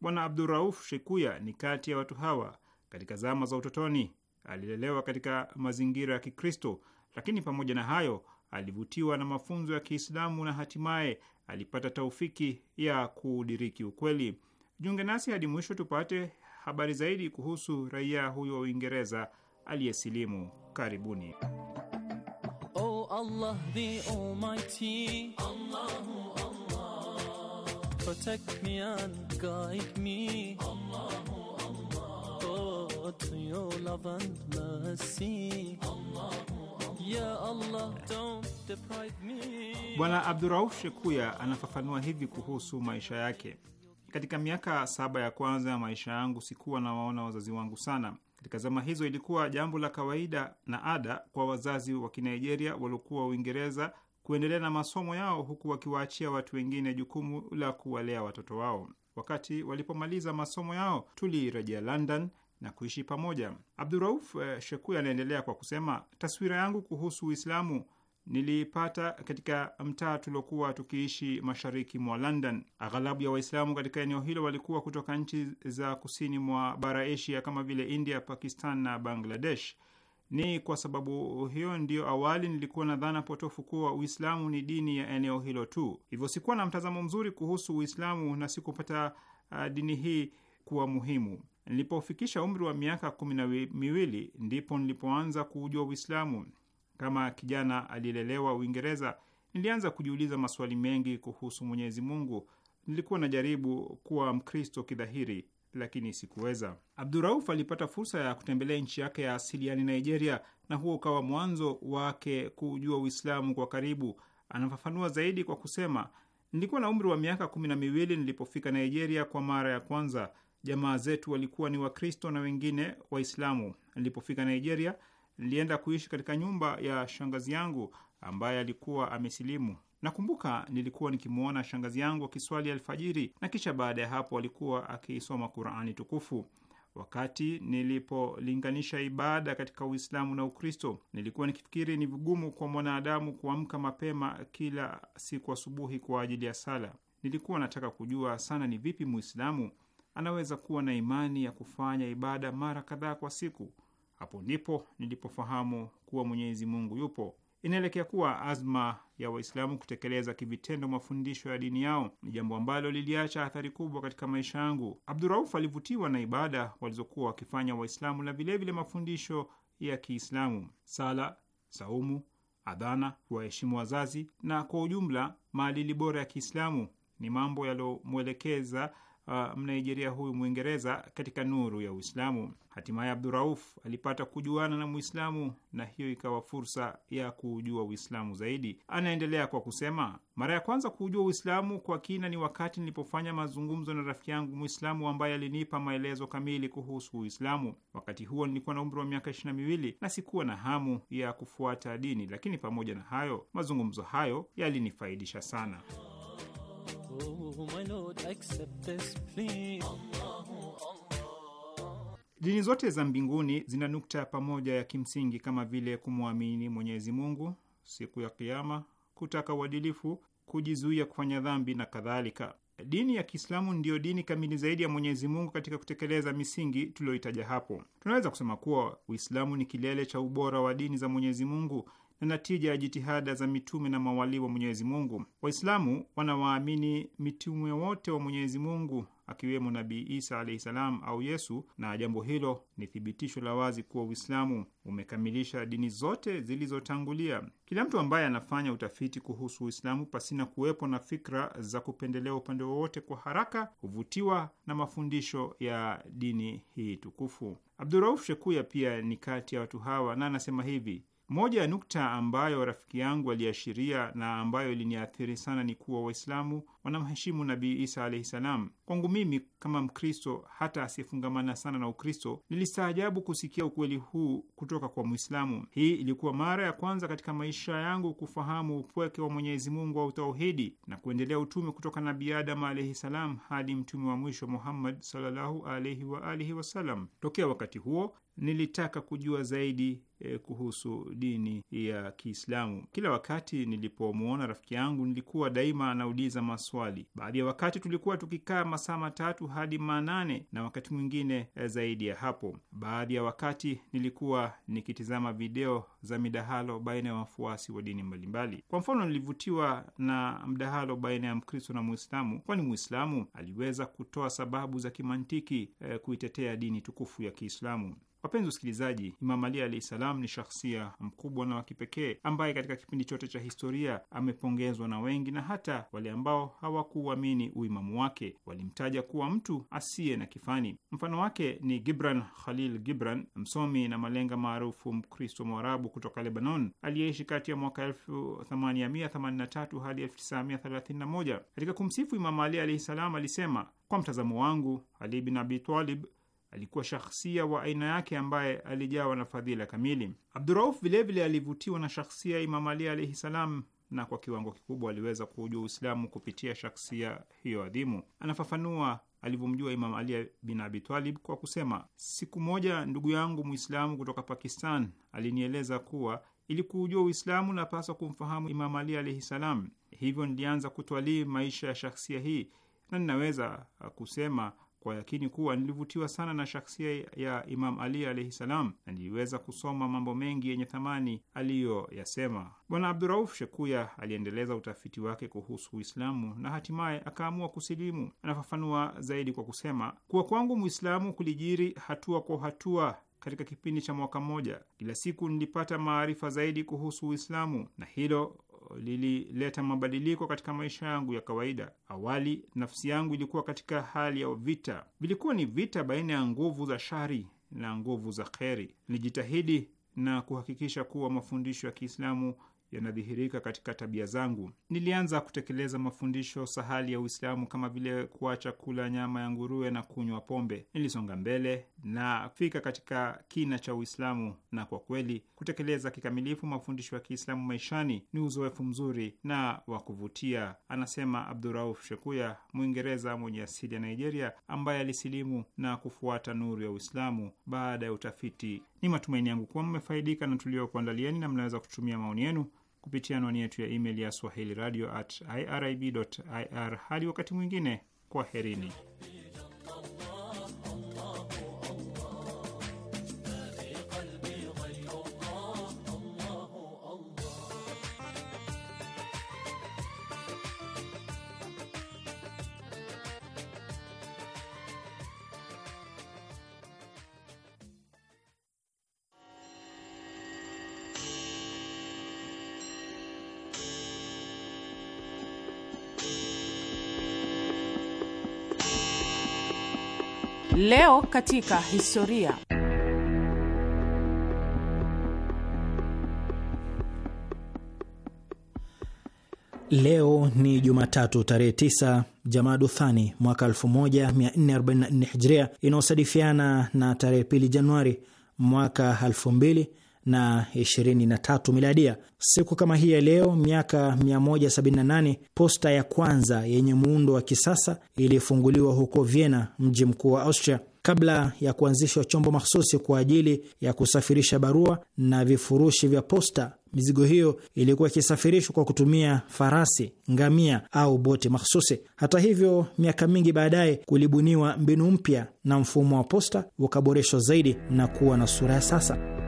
Bwana Abdurauf Shekuya ni kati ya watu hawa. Katika zama za utotoni, alilelewa katika mazingira ya Kikristo, lakini pamoja na hayo alivutiwa na mafunzo ya Kiislamu na hatimaye alipata taufiki ya kudiriki ukweli. Jiunge nasi hadi mwisho tupate habari zaidi kuhusu raia huyo wa Uingereza aliyesilimu. Karibuni. Allah the Almighty. Allahu Allah. Protect me and guide me. Allahu Allah. Oh, to your love and mercy. Allahu Allah. Ya Allah, don't deprive me. Bwana Abdurauf Shekuya anafafanua hivi kuhusu maisha yake. Katika miaka saba ya kwanza ya maisha yangu sikuwa nawaona wazazi wangu sana katika zama hizo ilikuwa jambo la kawaida na ada kwa wazazi wa Kinigeria waliokuwa Uingereza kuendelea na masomo yao huku wakiwaachia watu wengine jukumu la kuwalea watoto wao. Wakati walipomaliza masomo yao, tulirejea London na kuishi pamoja. Abdurauf eh, Shekui anaendelea kwa kusema, taswira yangu kuhusu Uislamu niliipata katika mtaa tuliokuwa tukiishi mashariki mwa London. Aghalabu ya Waislamu katika eneo hilo walikuwa kutoka nchi za kusini mwa bara Asia kama vile India, Pakistan na Bangladesh. Ni kwa sababu hiyo ndiyo awali nilikuwa na dhana potofu kuwa Uislamu ni dini ya eneo hilo tu, hivyo sikuwa na mtazamo mzuri kuhusu Uislamu na sikupata uh, dini hii kuwa muhimu. Nilipofikisha umri wa miaka kumi na miwili ndipo nilipoanza kuujua Uislamu. Kama kijana aliyelelewa Uingereza, nilianza kujiuliza maswali mengi kuhusu Mwenyezi Mungu. Nilikuwa najaribu kuwa Mkristo kidhahiri, lakini sikuweza. Abdurauf alipata fursa ya kutembelea nchi yake ya asili, yani Nigeria, na huo ukawa mwanzo wake kujua Uislamu kwa karibu. Anafafanua zaidi kwa kusema, nilikuwa na umri wa miaka kumi na miwili nilipofika Nigeria kwa mara ya kwanza. Jamaa zetu walikuwa ni Wakristo na wengine Waislamu. Nilipofika Nigeria nilienda kuishi katika nyumba ya shangazi yangu ambaye alikuwa amesilimu. Nakumbuka nilikuwa nikimwona shangazi yangu akiswali alfajiri na kisha baada ya hapo alikuwa akiisoma Qurani tukufu. Wakati nilipolinganisha ibada katika Uislamu na Ukristo, nilikuwa nikifikiri ni vigumu kwa mwanadamu kuamka mapema kila siku asubuhi kwa ajili ya sala. Nilikuwa nataka kujua sana ni vipi Muislamu anaweza kuwa na imani ya kufanya ibada mara kadhaa kwa siku hapo ndipo nilipofahamu kuwa Mwenyezi Mungu yupo. Inaelekea kuwa azma ya Waislamu kutekeleza kivitendo mafundisho ya dini yao ni jambo ambalo liliacha athari kubwa katika maisha yangu. Abdurauf alivutiwa na ibada walizokuwa wakifanya Waislamu na vilevile vile mafundisho ya Kiislamu, sala, saumu, adhana, kuwaheshimu wazazi na kwa ujumla maadili bora ya Kiislamu ni mambo yaliyomwelekeza uh, Mnaijeria huyu Mwingereza katika nuru ya Uislamu. Hatimaye Abdurauf alipata kujuana na Mwislamu na hiyo ikawa fursa ya kuujua Uislamu zaidi. Anaendelea kwa kusema, mara ya kwanza kuujua Uislamu kwa kina ni wakati nilipofanya mazungumzo na rafiki yangu Mwislamu ambaye alinipa maelezo kamili kuhusu Uislamu. Wakati huo nilikuwa na umri wa miaka ishirini na miwili na sikuwa na hamu ya kufuata dini, lakini pamoja na hayo mazungumzo hayo yalinifaidisha sana. Oh, oh, oh, would accept this plea. Dini zote za mbinguni zina nukta ya pamoja ya kimsingi kama vile kumwamini Mwenyezi Mungu, siku ya Kiama, kutaka uadilifu, kujizuia kufanya dhambi na kadhalika. Dini ya Kiislamu ndiyo dini kamili zaidi ya Mwenyezi Mungu katika kutekeleza misingi tuliyoitaja hapo. Tunaweza kusema kuwa Uislamu ni kilele cha ubora wa dini za Mwenyezi Mungu na natija ya jitihada za mitume na mawali wa Mwenyezi Mungu. Waislamu wanawaamini mitume wote wa Mwenyezi Mungu akiwemo Nabii Isa alahi salam au Yesu, na jambo hilo ni thibitisho la wazi kuwa Uislamu umekamilisha dini zote zilizotangulia. Kila mtu ambaye anafanya utafiti kuhusu Uislamu pasina kuwepo na fikra za kupendelea upande wowote, kwa haraka huvutiwa na mafundisho ya dini hii tukufu. Abdurauf Shekuya pia ni kati ya watu hawa, na anasema hivi: moja ya nukta ambayo rafiki yangu aliashiria na ambayo iliniathiri sana ni kuwa Waislamu wanamheshimu Nabii Isa alaihi salam. Kwangu mimi kama Mkristo, hata asiyefungamana sana na Ukristo, nilistaajabu kusikia ukweli huu kutoka kwa Mwislamu. Hii ilikuwa mara ya kwanza katika maisha yangu kufahamu upweke wa Mwenyezi Mungu wa utauhidi na kuendelea utume kutoka Nabii Adamu alaihi salam hadi mtume wa mwisho Muhammad sallallahu alaihi wa alihi wasalam. Tokea wakati huo nilitaka kujua zaidi eh, kuhusu dini ya Kiislamu. Kila wakati nilipomwona rafiki yangu nilikuwa daima anauliza maswali maswali. Baadhi ya wakati tulikuwa tukikaa masaa matatu hadi manane na wakati mwingine eh, zaidi ya hapo. Baadhi ya wakati nilikuwa nikitizama video za midahalo baina ya wafuasi wa dini mbalimbali. Kwa mfano, nilivutiwa na mdahalo baina ya Mkristo na Mwislamu, kwani Mwislamu aliweza kutoa sababu za kimantiki eh, kuitetea dini tukufu ya Kiislamu. Wapenzi wasikilizaji, Imam Ali alahi salam ni shakhsia mkubwa na wa kipekee ambaye katika kipindi chote cha historia amepongezwa na wengi, na hata wale ambao hawakuuamini uimamu wake walimtaja kuwa mtu asiye na kifani. Mfano wake ni Gibran Khalil Gibran, msomi na malenga maarufu Mkristo Mwarabu kutoka Lebanon aliyeishi kati ya mwaka 1883 hadi 1931. Katika kumsifu Imam Ali alahi salam alisema, kwa mtazamo wangu, Ali bin Abi Talib alikuwa shakhsia wa aina yake ambaye alijawa na fadhila kamili. Abdurauf vilevile alivutiwa na shahsia ya Imam Ali alaihi salam na kwa kiwango kikubwa aliweza kuujua Uislamu kupitia shaksia hiyo adhimu. Anafafanua alivyomjua Imam Ali bin Abi Talib kwa kusema, siku moja ndugu yangu Mwislamu kutoka Pakistan alinieleza kuwa ili kuujua Uislamu napaswa kumfahamu Imam Ali alaihi salam. Hivyo nilianza kutwalii maisha ya shakhsia hii na ninaweza kusema kwa yakini kuwa nilivutiwa sana na shakhsia ya Imam Ali alaihi salam, na niliweza kusoma mambo mengi yenye thamani aliyoyasema. Bwana Abdurauf Shekuya aliendeleza utafiti wake kuhusu Uislamu na hatimaye akaamua kusilimu. Anafafanua zaidi kwa kusema kuwa kwangu Mwislamu kulijiri hatua kwa hatua katika kipindi cha mwaka mmoja. Kila siku nilipata maarifa zaidi kuhusu Uislamu na hilo lilileta mabadiliko katika maisha yangu ya kawaida. Awali nafsi yangu ilikuwa katika hali ya vita, vilikuwa ni vita baina ya nguvu za shari na nguvu za kheri. Nilijitahidi na kuhakikisha kuwa mafundisho ya Kiislamu yanadhihirika katika tabia zangu. Nilianza kutekeleza mafundisho sahali ya Uislamu kama vile kuacha kula nyama ya nguruwe na kunywa pombe. Nilisonga mbele na fika katika kina cha Uislamu, na kwa kweli kutekeleza kikamilifu mafundisho ya Kiislamu maishani ni uzoefu mzuri na wa kuvutia, anasema Abdurauf Shekuya, Mwingereza mwenye asili ya Nigeria ambaye alisilimu na kufuata nuru ya Uislamu baada ya utafiti. Ni matumaini yangu kuwa mmefaidika na tuliokuandalieni, na mnaweza kutumia maoni yenu kupitia anwani yetu ya email ya swahili radio at irib ir. Hadi wakati mwingine, kwaherini. Leo katika historia. Leo ni Jumatatu tarehe 9 Jamadu Thani mwaka 1444 Hijria, inayosadifiana na tarehe 2 Januari mwaka na 23 miladia. Siku kama hii ya leo miaka 178 posta ya kwanza yenye muundo wa kisasa ilifunguliwa huko Vienna, mji mkuu wa Austria, kabla ya kuanzishwa chombo mahsusi kwa ajili ya kusafirisha barua na vifurushi vya posta. Mizigo hiyo ilikuwa ikisafirishwa kwa kutumia farasi, ngamia au boti mahsusi. Hata hivyo, miaka mingi baadaye kulibuniwa mbinu mpya na mfumo wa posta ukaboreshwa zaidi na kuwa na sura ya sasa.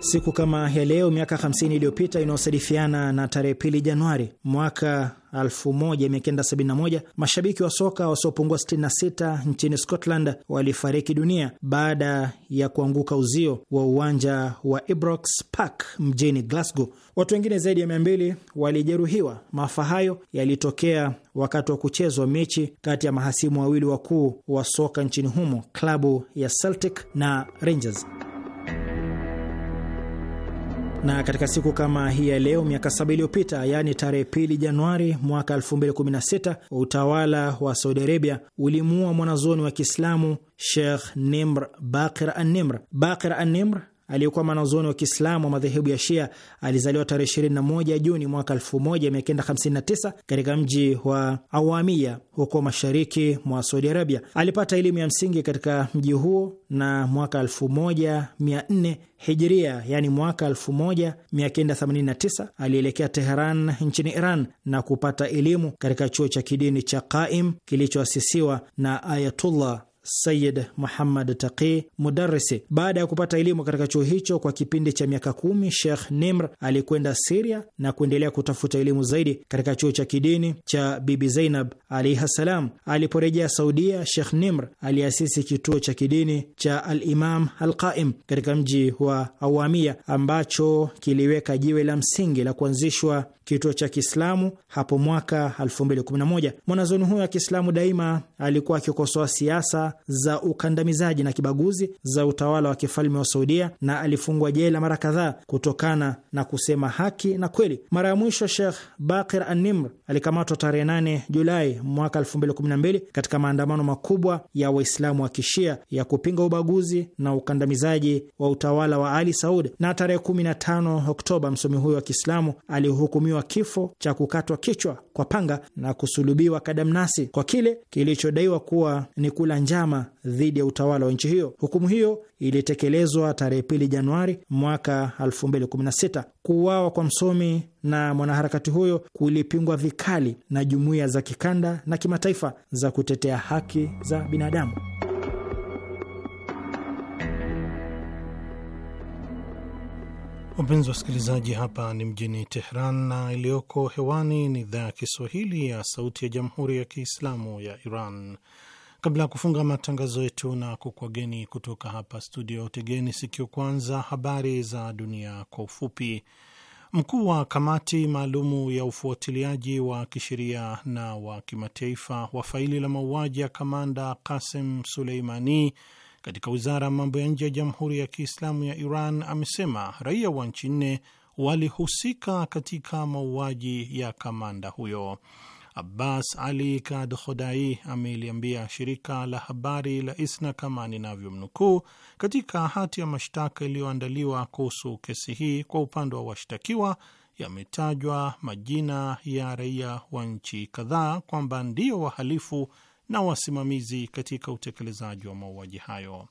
Siku kama ya leo miaka 50 iliyopita inayosadifiana na tarehe pili Januari mwaka 1971 mashabiki wa soka wasiopungua 66 nchini Scotland walifariki dunia baada ya kuanguka uzio wa uwanja wa Ibrox Park mjini Glasgow. Watu wengine zaidi ya 200 walijeruhiwa. Maafa hayo yalitokea wakati wa kuchezwa mechi kati ya mahasimu wawili wakuu wa soka nchini humo, klabu ya Celtic na Rangers. Na katika siku kama hii ya leo miaka saba iliyopita, yaani tarehe pili Januari mwaka 2016 utawala wa Saudi Arabia ulimuua mwanazuoni wa Kiislamu Sheikh Nimr Bakir an Bakir an aliyekuwa mwanazuoni wa Kiislamu wa madhehebu ya Shia alizaliwa tarehe 21 Juni mwaka 1959 katika mji wa Awamia huko mashariki mwa Saudi Arabia. Alipata elimu ya msingi katika mji huo na mwaka 1400 Hijria, yani mwaka 1989 alielekea Teheran nchini Iran na kupata elimu katika chuo cha kidini cha Qaim kilichoasisiwa na Ayatullah Sayid Muhammad Taqi Mudarisi. Baada ya kupata elimu katika chuo hicho kwa kipindi cha miaka kumi, Sheikh Nimr alikwenda Siria na kuendelea kutafuta elimu zaidi katika chuo cha kidini cha Bibi Zainab alaihi salam. Aliporejea Saudia, Sheikh Nimr aliasisi kituo cha kidini cha Alimam Alqaim katika mji wa Awamia ambacho kiliweka jiwe la msingi la kuanzishwa kituo cha Kiislamu hapo mwaka 2011. Mwanazoni huyo wa Kiislamu daima alikuwa akikosoa siasa za ukandamizaji na kibaguzi za utawala wa kifalme wa Saudia na alifungwa jela mara kadhaa kutokana na kusema haki na kweli. Mara ya mwisho Sheikh Bakir An-Nimr alikamatwa tarehe 8 Julai mwaka 2012 katika maandamano makubwa ya Waislamu wa Kishia ya kupinga ubaguzi na ukandamizaji wa utawala wa Ali Saud, na tarehe 15 Oktoba msomi huyo wa Kiislamu alihukumiwa alifanyiwa kifo cha kukatwa kichwa kwa panga na kusulubiwa kadamnasi kwa kile kilichodaiwa kuwa ni kula njama dhidi ya utawala wa nchi hiyo. Hukumu hiyo ilitekelezwa tarehe pili Januari mwaka 2016. Kuuawa kwa msomi na mwanaharakati huyo kulipingwa vikali na jumuiya za kikanda na kimataifa za kutetea haki za binadamu. Wapenzi wasikilizaji, hapa ni mjini Tehran na iliyoko hewani ni idhaa ya Kiswahili ya Sauti ya Jamhuri ya Kiislamu ya Iran. Kabla ya kufunga matangazo yetu na kukwageni kutoka hapa studio, tegeni sikio kwanza habari za dunia kwa ufupi. Mkuu wa kamati maalumu ya ufuatiliaji wa kisheria na wa kimataifa wa faili la mauaji ya kamanda Kasim Suleimani katika wizara ya mambo ya nje ya Jamhuri ya Kiislamu ya Iran amesema raia wa nchi nne walihusika katika mauaji ya kamanda huyo. Abbas Ali Khodai ameliambia shirika la habari la ISNA kama ninavyomnukuu katika hati ya mashtaka iliyoandaliwa kuhusu kesi hii. Kwa upande wa washtakiwa yametajwa majina ya raia wa nchi kadhaa kwamba ndiyo wahalifu na wasimamizi katika utekelezaji wa mauaji hayo.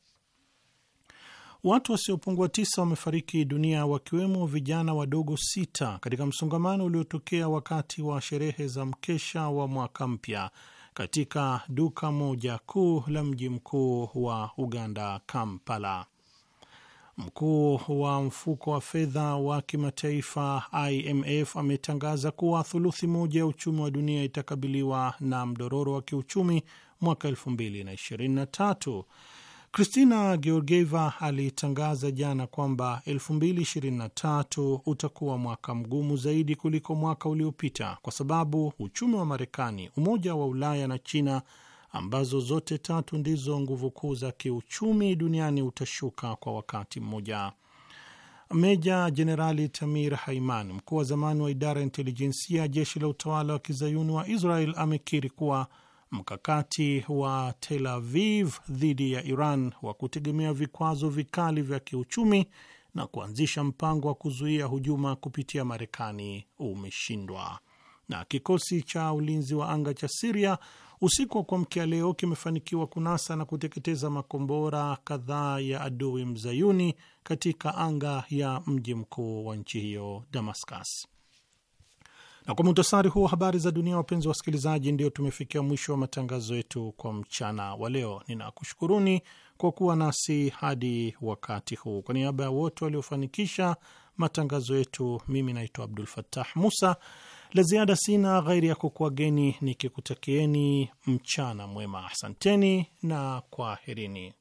Watu wasiopungua tisa wamefariki dunia wakiwemo vijana wadogo sita katika msongamano uliotokea wakati wa sherehe za mkesha wa mwaka mpya katika duka moja kuu la mji mkuu wa Uganda, Kampala. Mkuu wa mfuko wa fedha wa kimataifa IMF ametangaza kuwa thuluthi moja ya uchumi wa dunia itakabiliwa na mdororo wa kiuchumi mwaka 2023. Kristina Georgieva alitangaza jana kwamba 2023 utakuwa mwaka mgumu zaidi kuliko mwaka uliopita kwa sababu uchumi wa Marekani, Umoja wa Ulaya na China ambazo zote tatu ndizo nguvu kuu za kiuchumi duniani utashuka kwa wakati mmoja. Meja Jenerali Tamir Haiman, mkuu wa zamani wa idara ya intelijensia ya jeshi la utawala wa kizayuni wa Israel, amekiri kuwa mkakati wa Tel Aviv dhidi ya Iran wa kutegemea vikwazo vikali vya kiuchumi na kuanzisha mpango wa kuzuia hujuma kupitia Marekani umeshindwa. Na kikosi cha ulinzi wa anga cha Siria usiku wa kuamkia leo kimefanikiwa kunasa na kuteketeza makombora kadhaa ya adui mzayuni katika anga ya mji mkuu wa nchi hiyo Damascus. Na kwa muhtasari huo habari za dunia, wapenzi wa wasikilizaji, ndio tumefikia mwisho wa matangazo yetu kwa mchana wa leo. Ninakushukuruni kwa kuwa nasi hadi wakati huu. Kwa niaba ya wote waliofanikisha matangazo yetu, mimi naitwa Abdul Fattah Musa la ziada sina ghairi ya kukuageni nikikutakieni mchana mwema. Asanteni na kwaherini.